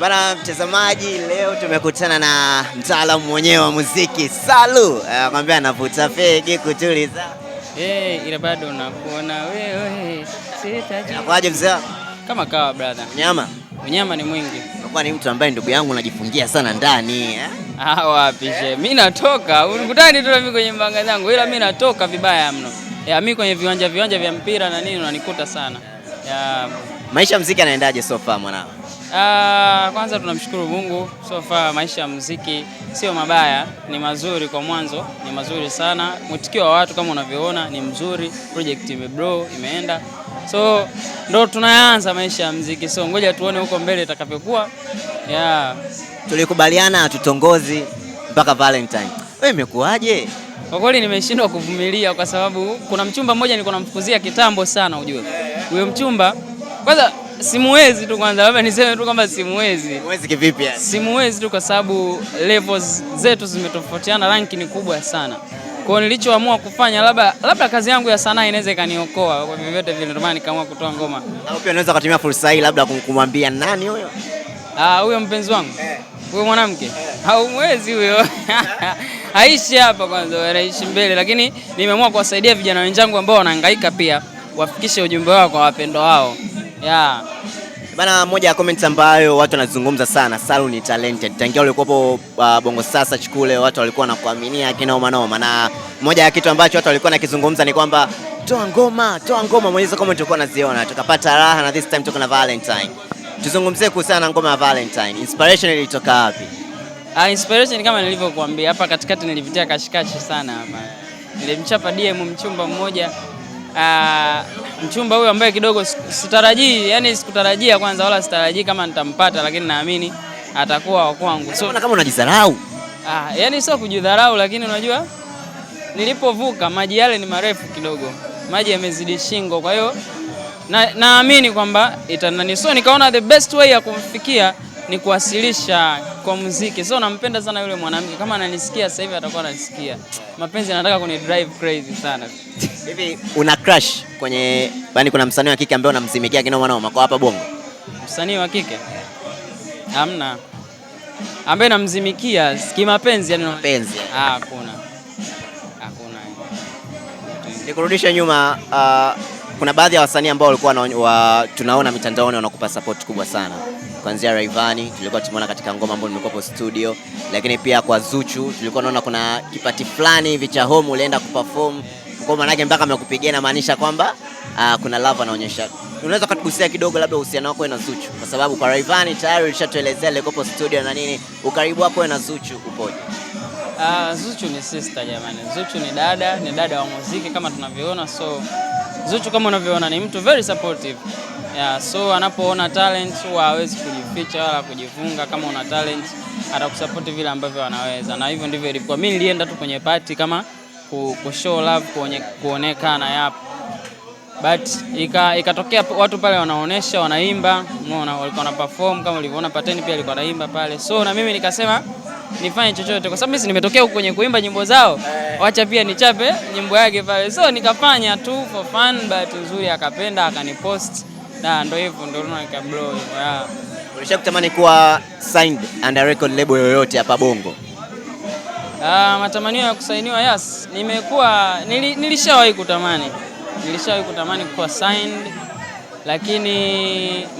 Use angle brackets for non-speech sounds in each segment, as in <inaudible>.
Bana mtazamaji, leo tumekutana na mtaalamu mwenyewe wa muziki Salu, uh, anavuta fegi kutuliza. Hey, eh, ila bado nakuona wewe, sitaji. Inakuwaje mzee? Kama kawa brother. Nyama. Unyama ni mwingi. Unakuwa ni mtu ambaye ndugu yangu unajifungia sana ndani eh? Ah, wapi eh? she. Mimi natoka, unikutani tu mimi kwenye mbanga zangu ila mimi natoka vibaya mno. Ya mimi kwenye viwanja viwanja vya mpira na nini unanikuta sana. Ya maisha mziki anaendaje so far mwanao? Uh, kwanza tunamshukuru Mungu so far, maisha ya muziki sio mabaya, ni mazuri. Kwa mwanzo ni mazuri sana, mwitikio wa watu kama unavyoona ni mzuri, project imebro imeenda, so ndo tunaanza maisha ya muziki, so ngoja tuone huko mbele itakavyokuwa. Yeah, tulikubaliana tutongozi mpaka Valentine. Wewe imekuwaje? Kwa kweli nimeshindwa kuvumilia, kwa sababu kuna mchumba mmoja nilikuwa namfukuzia kitambo sana, ujue huyo mchumba kwanza simuwezi tu kwanza, labda niseme tu kwamba simuwezi. Huwezi kivipi yani? Simuwezi tu kwa sababu levels zetu zimetofautiana, ranki ni kubwa sana. Kwa hiyo nilichoamua kufanya labda labda kazi yangu ya sanaa inaweza ikaniokoa kwa vyovyote vile, ndio maana nikaamua kutoa ngoma. Au pia unaweza kutumia fursa hii labda kumwambia nani huyo? Ah, huyo mpenzi wangu eh. huyo mwanamke eh. haumwezi huyo <laughs> aishi hapa kwanza, anaishi mbele, lakini nimeamua kuwasaidia vijana wenzangu ambao wanahangaika pia wafikishe ujumbe wao kwa wapendwa wao. Yeah. Bana, moja ya comment ambayo watu wanazungumza sana, Salu ni talented. Tangia ulikuwapo uh, Bongo sasa chukule, watu walikuwa wanakuaminia kinoma noma, na moja ya kitu ambacho watu walikuwa nakizungumza ni kwamba toa ngoma, toa ngoma. Mwenyezo comment ulikuwa naziona, tukapata raha na this time tuko na Valentine. Tuzungumzie kuhusiana na ngoma ya Valentine, inspiration ilitoka wapi? Uh, inspiration kama nilivyokuambia hapa katikati, nilivitia kashikashi sana hapa, nilimchapa DM mchumba mmoja Ah, mchumba huyu ambaye kidogo sitarajii, yani sikutarajia kwanza, wala sitarajii kama nitampata, lakini naamini atakuwa wa kwangu. So, kama unajidharau ah, yani sio kujidharau, lakini unajua nilipovuka maji yale ni marefu kidogo, maji yamezidi shingo, kwa hiyo naamini na kwamba itanani, so nikaona the best way ya kumfikia ni kuwasilisha kwa muziki. So nampenda sana yule mwanamke, kama ananisikia sasa hivi atakuwa ananisikia. Mapenzi yanataka kuni drive crazy sana. Hivi una crush kwenye, yani kuna msanii wa kike ambaye unamzimikia kina noma kwa hapa Bongo? Msanii wa kike hamna ambaye namzimikia kimapenzi, yani mapenzi. Ah, hakuna hakuna. Nikurudisha nyuma, uh, kuna baadhi ya wasanii ambao walikuwa wa, tunaona mitandaoni wanakupa support kubwa sana kuanzia Rayvanny tulikuwa tumeona katika ngoma ambayo nimekuwa kwa studio, lakini pia kwa Zuchu tulikuwa naona kuna kipati fulani hivi cha home ulienda kuperform kwa maana yake mpaka amekupigia, na maanisha kwamba uh, kuna love anaonyesha. Unaweza kutugusia kidogo labda uhusiano wako na Zuchu, kwa sababu kwa Rayvanny tayari ulishatuelezea ile kopo studio na nini, ukaribu wako na Zuchu upoje? Uh, Zuchu ni sister jamani, Zuchu ni dada, ni dada wa muziki kama tunavyoona. So Zuchu kama unavyoona ni mtu very supportive yeah, so anapoona talent huwa hawezi kujificha wala kujifunga. Kama una talent atakusapoti vile ambavyo anaweza, na hivyo ndivyo ilikuwa. Mimi nilienda tu kwenye party kama ku show love, kuone, kuonekana yap but ikatokea ika watu pale wanaonesha wanaimba, unaona walikuwa na perform kama ulivyoona Pateni pia alikuwa anaimba pale, so na mimi nikasema nifanye chochote, kwa sababu mimi nimetokea huko kwenye kuimba nyimbo zao, eh. wacha pia nichape nyimbo yake pale, so nikafanya tu for fun, but nzuri akapenda akanipost Da, ndo hivyo ndo unaika blow Yeah. Ulisha kutamani kuwa signed under record label yoyote hapa Bongo? Ah, matamanio ya kusainiwa yes. Nimekuwa nili, nilishawahi kutamani. Nilishawahi kutamani kuwa signed lakini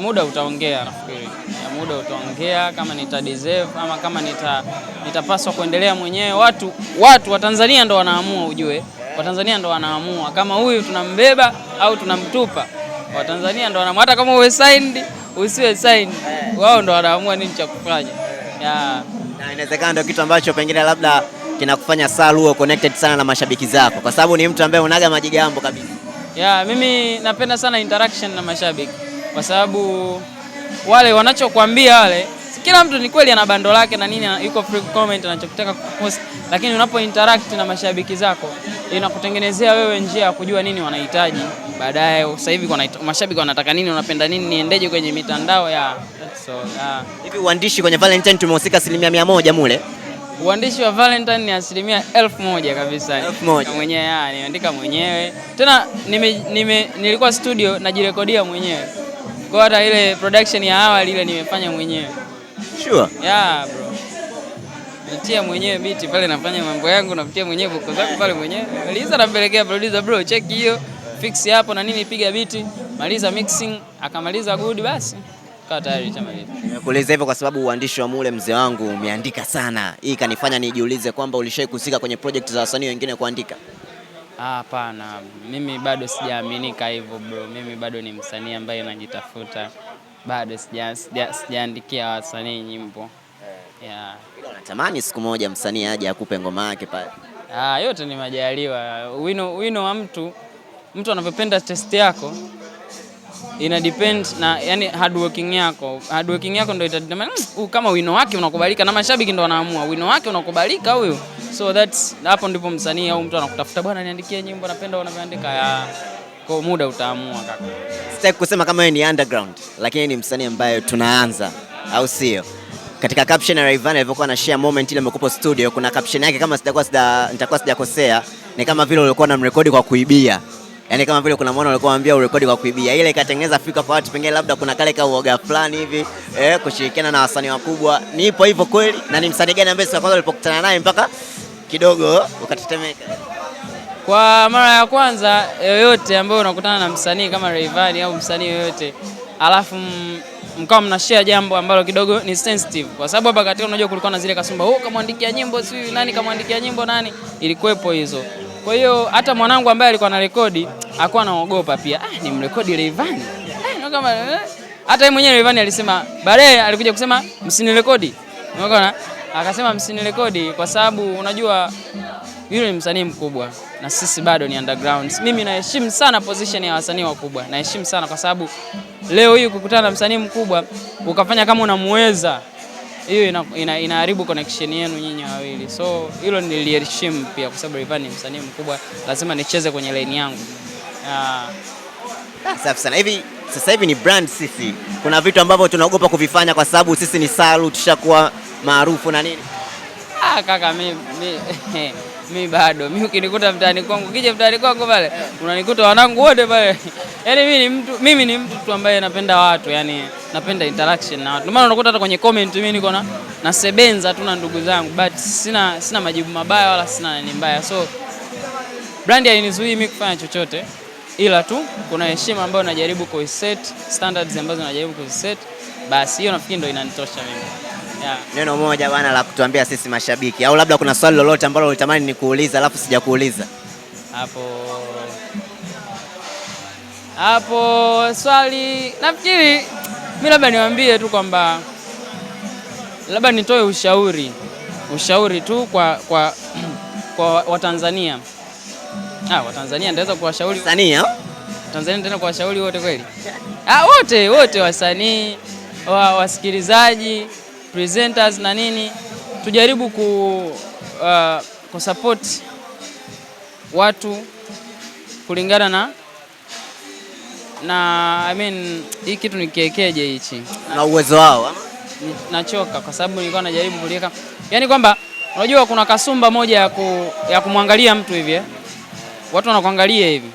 muda utaongea ya Muda utaongea kama nita deserve ama kama nita nitapaswa kuendelea mwenyewe. Watu watu wa Tanzania ndo wanaamua, ujue. Watanzania ndo wanaamua kama huyu tunambeba au tunamtupa. Watanzania ndo wanaamua, hata kama uwe signed usiwe signed, wao ndo wanaamua nini cha kufanya. Yeah. Na inawezekana ndio kitu ambacho pengine labda kinakufanya Salu connected sana na mashabiki zako, kwa sababu ni mtu ambaye unaga majigambo kabisa. Yeah, mimi napenda sana interaction na mashabiki kwa sababu wale wanachokuambia wale kila mtu ni kweli ana bando lake na nini, yuko free comment anachotaka kupost, lakini unapo interact na mashabiki zako inakutengenezea wewe njia ya kujua nini wanahitaji baadaye. Sasa hivi mashabiki wanataka nini, wanapenda nini, niendeje kwenye mitandao ya so, ah. Hivi uandishi kwenye Valentine tumehusika asilimia mia moja mule uandishi wa Valentine ni asilimia elfu moja kabisa. Mwenyewe ah, nimeandika mwenyewe tena nime, nime, nilikuwa studio najirekodia mwenyewe kwa hata ile production ya awali ile nimefanya mwenyewe. Sure. Yeah, bro. Natia mwenyewe biti pale, nafanya mambo yangu, napitia mwenyewe vuko zako pale mwenyewe. Aliza napelekea producer, bro, check hiyo fix hapo na nini, piga biti, maliza mixing, akamaliza good, basi kaa tayari cha Nimekuuliza hivyo kwa sababu uandishi wa mule, mzee wangu, umeandika sana. Hii kanifanya nijiulize kwamba ulishai kuhusika kwenye project za wasanii wengine kuandika. Hapana, mimi bado sijaaminika hivyo bro. Mimi bado ni msanii ambaye najitafuta, bado sijaandikia wasanii nyimbo eh. yeah. Natamani siku moja msanii aje akupe ngoma yake pale. Ah, yote ni majaliwa, wino wino wa mtu mtu anavyopenda test yako ina depend na yani hard working yako. Hard working yako ndio itadetermine hmm, kama wino wake unakubalika, na mashabiki ndio wanaamua wino wake unakubalika huyo. So that's hapo ndipo msanii au mtu anakutafuta, bwana, niandikie nyimbo, napenda unavyoandika ya kwa muda utaamua kaka. Sitaki kusema kama wewe ni underground, lakini ni msanii ambaye tunaanza, au sio? Katika caption ya Rayvanny alivyokuwa na share moment ile amekupo studio, kuna caption yake kama sitakuwa sija nitakuwa sijakosea, ni kama vile ulikuwa na mrekodi kwa kuibia Yaani kama vile kuna mwana alikuwa anambia urekodi kwa kuibia. Ile ikatengeneza fika kwa watu pengine labda kuna kale ka uoga fulani hivi, eh, kushirikiana na wasanii wakubwa. Nipo hivyo kweli? Na ni msanii gani ambaye siku ya kwanza ulipokutana naye mpaka kidogo ukatetemeka? Kwa mara ya kwanza yoyote ambayo unakutana na msanii kama Rayvanny au msanii yoyote, alafu mkawa share jambo ambalo kidogo ni sensitive, kwa sababu hapa katika unajua kulikuwa na zile kasumba, oh, kamwandikia nyimbo sio nani, kamwandikia nyimbo nani, ilikuwepo hizo. Kwa hiyo hata mwanangu ambaye alikuwa na rekodi akuwa anaogopa pia, ah, ni mrekodi Rayvanny ah, eh. hata yeye mwenyewe Rayvanny alisema baadaye, alikuja kusema msinirekodi, unaona, akasema msinirekodi kwa sababu unajua yule ni msanii mkubwa na sisi bado ni underground. Mimi naheshimu sana position ya wasanii wakubwa, naheshimu sana kwa sababu leo hii kukutana na msanii mkubwa ukafanya kama unamuweza hiyo inaharibu ina, ina connection yenu nyinyi wawili, so hilo niliheshimu pia, kwa sababu Rayvanny ni msanii mkubwa, lazima nicheze kwenye line yangu. Ah. Ah, safi sana. Hivi sasa hivi ni brand sisi, kuna vitu ambavyo tunaogopa kuvifanya kwa sababu sisi ni salu, tushakuwa maarufu na nini. Ah, kaka mimi <laughs> mi bado mi, ukinikuta mtaani kwangu, kija mtaani kwangu pale unanikuta wanangu wote pale. Yani mimi ni mtu, mimi ni mtu tu ambaye napenda watu, yani napenda interaction na watu. Ndio maana unakuta hata kwenye comment mimi niko na nasebenza tu na ndugu zangu, but sina sina majibu mabaya wala sina nini mbaya, so brand hainizuii mimi kufanya chochote, ila tu kuna heshima ambayo najaribu kuiset, standards ambazo najaribu kuziset, basi hiyo nafikiri ndio inanitosha mimi yeah. Neno moja bana la kutuambia sisi mashabiki, au labda kuna swali lolote ambalo ulitamani nikuuliza alafu sijakuuliza hapo hapo? Swali nafikiri mi labda niwaambie tu kwamba labda nitoe ushauri ushauri tu kwa kwa <clears throat> kwa Watanzania ah, Watanzania nitaweza kuwashauri Tanzania Tanzania tena kuwashauri wote kweli ah, wote wote wasanii wa wasikilizaji presenters na nini, tujaribu ku uh, kusupport watu kulingana na na I mean hii kitu ni hichi na uwezo wao. Nachoka kwa sababu nilikuwa najaribu kuliweka, yani kwamba unajua kuna kasumba moja ya, ku, ya kumwangalia mtu hivi eh, watu wanakuangalia hivi,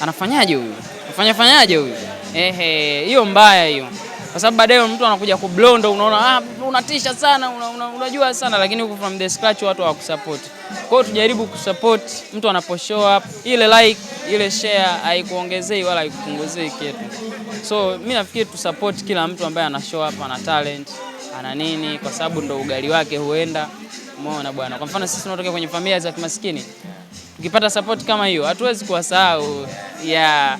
anafanyaje huyu, afanya fanyaje huyu, ehe, hiyo mbaya hiyo kwa sababu baadaye mtu anakuja kublondo, unaona ah, unatisha sana, unajua una, sana, lakini huko from the scratch watu hawakusupport. Kwa hiyo tujaribu kusupport mtu anapo show up, ile like ile share haikuongezei wala haikupunguzei kitu. So mi nafikiri tusupport kila mtu ambaye ana show up, ana talent, ana nini, kwa sababu ndo ugali wake huenda. Umeona bwana, kwa mfano sisi tunatoka kwenye familia za kimaskini, tukipata support kama hiyo hatuwezi kuwasahau yeah.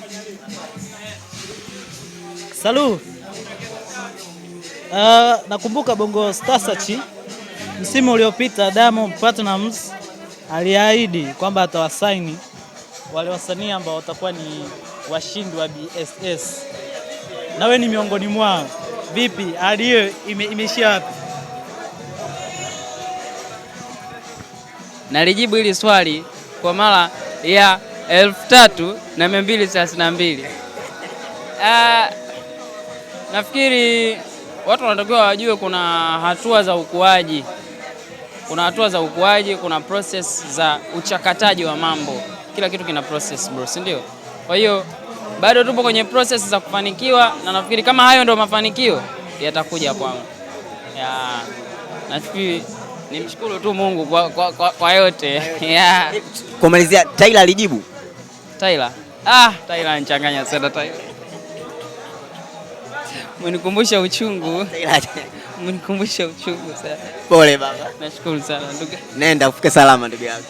Salut. Uh, nakumbuka Bongo Star Search msimu uliopita Diamond Platnumz aliahidi kwamba atawasaini wale wasanii ambao watakuwa ni washindi wa BSS, na we ni miongoni mwao. Vipi, hadi hiyo imeishia wapi? Nalijibu hili swali kwa mara ya elfu tatu na mia mbili thelathini na mbili. Uh, nafikiri watu wanatakiwa wajue kuna hatua za ukuaji, kuna hatua za ukuaji, kuna process za uchakataji wa mambo. Kila kitu kina process bro, si ndio? Kwa hiyo bado tupo kwenye process za kufanikiwa, na nafikiri kama hayo ndio mafanikio yatakuja kwangu ya, nafikiri nimshukuru tu Mungu kwa, kwa, kwa, kwa yote <laughs> yeah. Kumalizia Tyla alijibu Tyla. Ah, Tyla anachanganya sana Tyla. Mwenikumbusha uchungu. <laughs> Mwenikumbusha uchungu sana. Pole baba. Nashukuru sana ndugu. Nenda ufike salama ndugu yangu.